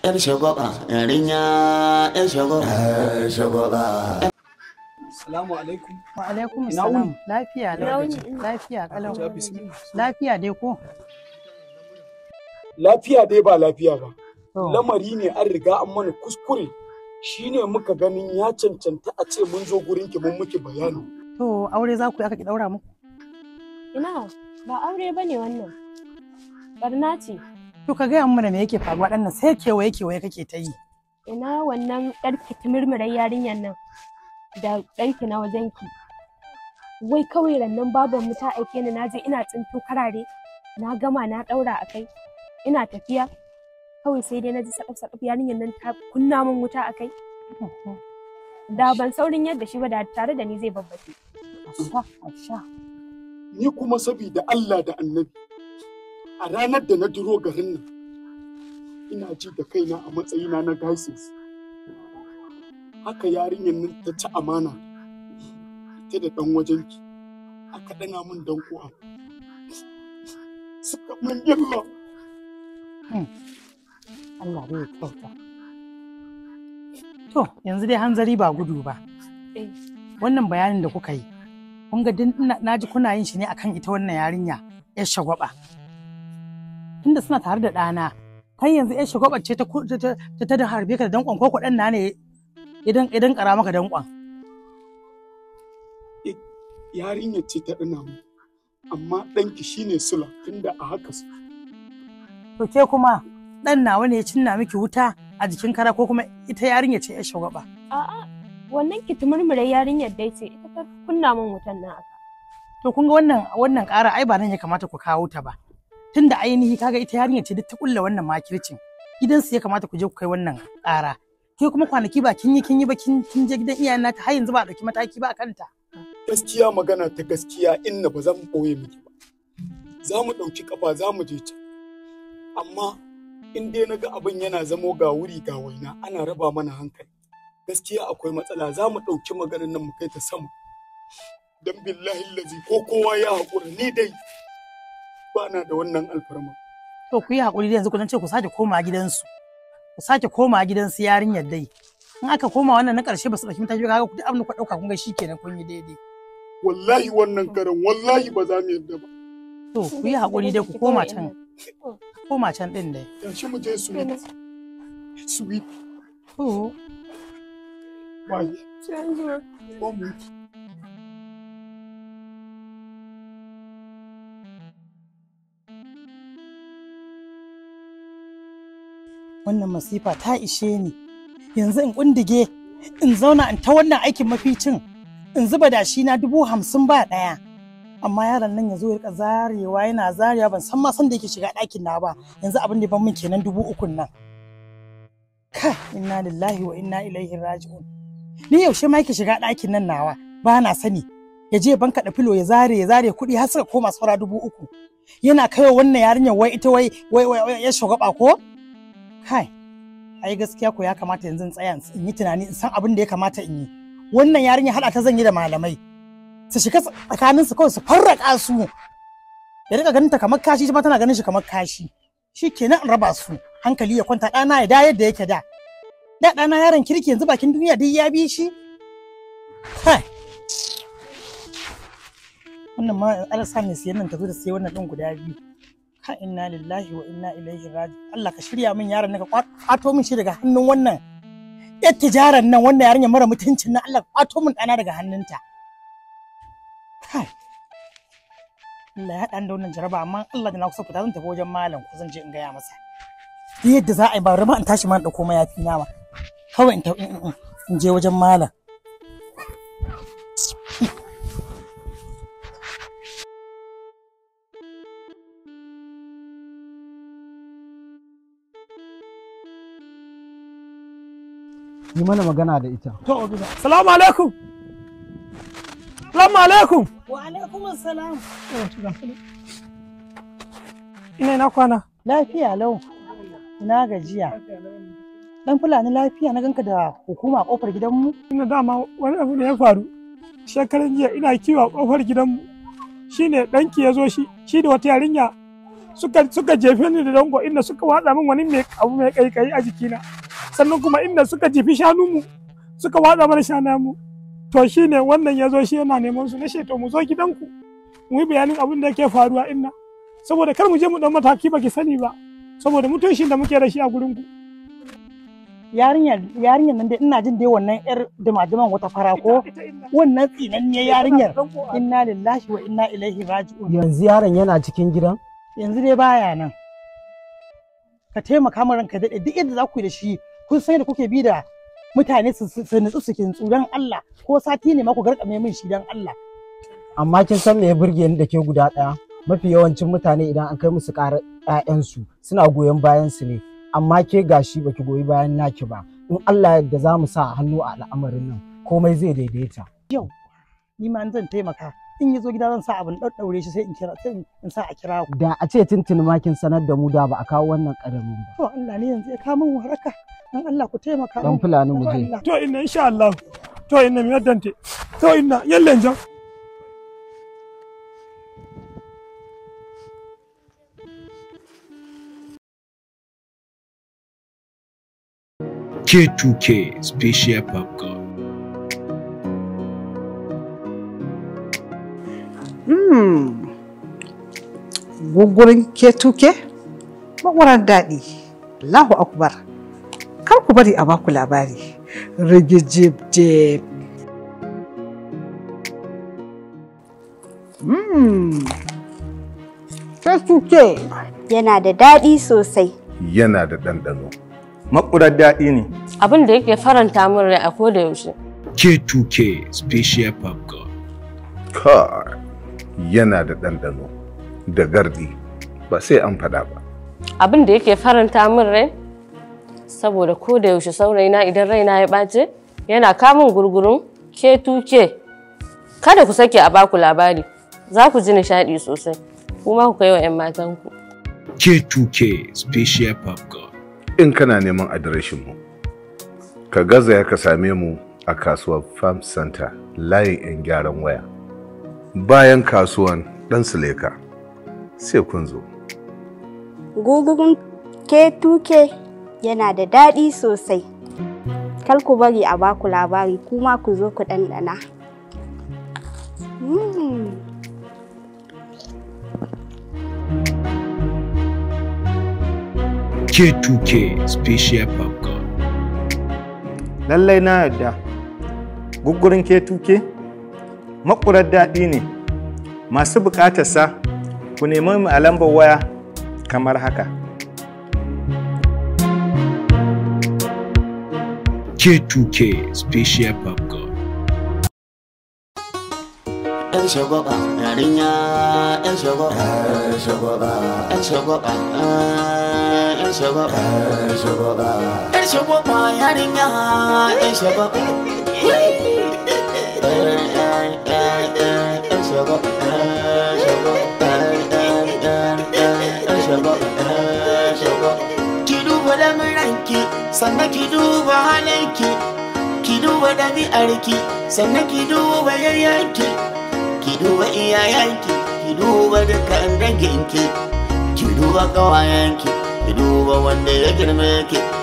'yar shagwaba yarinya 'yar shagwaba Salamu alaikum. Wa alaikum salam. Lafiya lafiya kalau. Lafiya dai ko? Lafiya dai ba lafiya ba. Lamari ne an riga an mana kuskure shi ne muka ganin ya cancanta a ce mun zo gurin ki mun muke bayani. To aure za ku yi aka ki daura muku? Ina ba aure ba ne wannan. Barna ce. To ka gaya mana me yake faruwa ɗan nan sai kewaye kewaye kake ta yi. Ina wannan ɗarki ta murmurar yarinyar nan da ɗanki na wajenki. Wai kawai rannan baban mu ta aike ni na je ina tsinto karare na gama na ɗaura a kai ina tafiya kawai sai dai na ji saɗaf saɗaf yarinyar nan ta kunna min wuta a kai. Da ban saurin yadda shi ba da tare da ni zai babbace. Ni kuma sabida Allah da annabi a ranar da na duro garin nan ina ji da kaina a matsayina na gaisis haka yarinyar nan ta ci amana ta da dan wajenki aka dana min dan kuwa suka min girma hmm. Allah bai kyauta to yanzu dai hanzari ba gudu ba eh. wannan bayanin da kuka yi kun ga na ji kuna yin shi ne akan ita wannan yarinya ya shagwaba tunda suna tare da ɗana kai yanzu yan shiga ce ta ta harbe ka da dankon ko kuɗin na ne idan idan kara maka dankon eh, yarinyar ce ta ɗina mu amma ɗanki shine sula tunda a haka su to ke kuma ɗan nawa ne ya cinna miki wuta a jikin kara ko kuma ita yarinya ce yan shagwaba a'a wannan ki tumurmure yarinyar dai ce ita ta kunna min wutan na aka to kun ga wannan wannan ƙara ai ba nan ya kamata ku kawo ta ba Tun da ainihi kaga ita yarinya ce duk ta kulla wannan makircin gidansu ya kamata ku je ku kai wannan ƙara ke kuma kwanaki ba kin yi kin yi ba kin je gidan iyayen nata har yanzu ba a ɗauki mataki ba a kanta gaskiya magana ta gaskiya inna ba zan ɓoye miki ba za mu ɗauki kafa za mu je ta amma in dai na ga abin yana zamo ga wuri ga waina ana raba mana hankali gaskiya akwai matsala za mu ɗauki maganar nan mu kai ta sama don billahi lazi ko kowa ya haƙura ni dai ba na da wannan alfarma to ku yi hakuri da yanzu ku ce ku sake koma gidansu ku sake koma gidansu yarinyar dai in aka koma wannan na karshe ba su ɗauki mataki kaga ku duk abin ku ɗauka kun ga shikenan kun yi daidai wallahi wannan karan wallahi ba za mu yadda ba to ku yi hakuri dai ku koma can koma can ɗin dai yanzu mu je sweet sweet to Bye. Change. One wannan masifa ta ishe ni yanzu in kundige in zauna in ta wannan aikin maficin in zuba shi na dubu hamsin ba daya amma yaron nan ya ya zarewa yana zarewa ban san ma san da yake shiga ɗakin na ba yanzu abin da ban min kenan dubu ukun nan kai inna lillahi wa inna ilaihi raji'un ni yaushe ma yake shiga ɗakin nan nawa ba na sani ya je banka da filo ya zare ya zare kuɗi har suka koma saura dubu uku yana kaiwa wannan yarinyar wai ita wai wai ya shugaba ko kai ai gaskiya ko ya kamata yanzu in tsaya in yi tunani in san abin da ya kamata in yi wannan yarinya hada ta zan yi da malamai su shiga tsakanin su kawai su farraka su ya rika ganin ta kamar kashi shi ma tana ganin shi kamar kashi Shi kenan in raba su hankali ya kwanta ɗana ya da yadda yake da da ɗana yaron kirki yanzu bakin duniya duk ya bi shi kai wannan ma alasa ne siyan nan ta zo da sai wannan ɗin guda biyu ka inna lillahi wa inna ilaihi raji Allah ka shirya min yaron nan ka kwato min shi daga hannun wannan yar tijaran nan wannan yarinya mara mutuncin nan Allah kwato min dana daga hannunta kai Allah ya haɗa da wannan jaraba amma Allah da na kusa fita zan tafi wajen malam ko zan je in gaya masa yadda za a yi ba rama in tashi ma in dauko mayafi na ba kawai in je wajen malam yi mana magana da ita to salamu alaikum salamu alaikum wa alaikum salam ina ina kwana lafiya lau ina gajiya dan fulani lafiya na ganka da hukuma a kofar gidanmu ina dama wani abu da ya faru shekaran jiya ina kiwa a kofar gidanmu ne ɗanki ya zo shi shi da wata yarinya suka jefe ni da dango inda suka watsa min wani mai abu mai kaikayi a jikina sannan kuma inda suka jifi shanunmu suka watsa mana shanamu to shine wannan ya zo shi yana neman su na to mu zo gidanku mu yi bayanin abin da yake faruwa inna saboda kar mu je mu dan mataki baki sani ba saboda mutuncin da muke da shi a gurin ku yarinyar yarinyar nan dai ina jin dai wannan yar dumaduman wata fara ko wannan ne yarinyar inna lillahi wa inna ilaihi raji'un yanzu yaron yana cikin gidan yanzu dai baya nan ka taimaka mu ranka daɗe duk yadda za ku yi da shi kun san da kuke bi da mutane su nutsu su kintsu dan Allah ko sati ne ma ku mai min shi dan Allah amma kin san me ya burge ni da ke guda ɗaya mafi yawancin mutane idan an kai musu ƙara 'ya'yansu suna goyon bayansu ne amma ke gashi ba ki goyi bayan naki ba in Allah yadda za mu sa hannu a al'amarin nan komai zai daidaita yau ni ma zan taimaka in yi zo gida zan sa abin ɗaɗɗaure shi sai in kira sai in sa a kira da a ce tuntuni ma sanar da mu da ba a kawo wannan ƙaramin ba to Allah ne yanzu ya kawo min waraka dan Allah ku taimaka dan fulani mu inna insha Allah to inna mi to inna K2K Special Popcorn. Hmm. Gugurin K2K? daɗi. Allahu Akbar. kan ku bari a baku labari rigijibjib Festuke hmm. yana da daɗi sosai. Yana da ɗanɗano. Makurar daɗi ne. Abin da yake faranta min rai a koda yaushe. K2K Special Popcorn. Car yana da ɗanɗano da gardi ba sai an faɗa ba. Abin da yake faranta min rai saboda ko da yaushe saurayina idan raina ya ɓace yana kamun gurgurun ke tuke kada ku sake a baku labari za ku ji nishaɗi sosai kuma ku kai wa 'yan matanku. k 2 Special Popcorn. In kana neman adireshin mu, ka gaza ya ka same mu a kasuwar Farm Center layin 'yan gyaran waya. Bayan kasuwan ɗan Suleka, sai kun zo. Gugugun K2K yana da daɗi sosai. Kar ku bari a baku labari kuma ku zo ku ɗanɗana. K2K hmm. Special Popcorn. Lallai na yarda, guggurin K2K makurar daɗi ne, masu buƙatarsa ku nemi mu a lambar waya kamar haka. K2K Special Popcorn. sannan ki duba halinki ki duba ɗabi'arki sannan ki duba yayyanki ki duba iyayenki ki duba dukkan danginki ki duba ƙawayenki ki duba wanda ya girme ki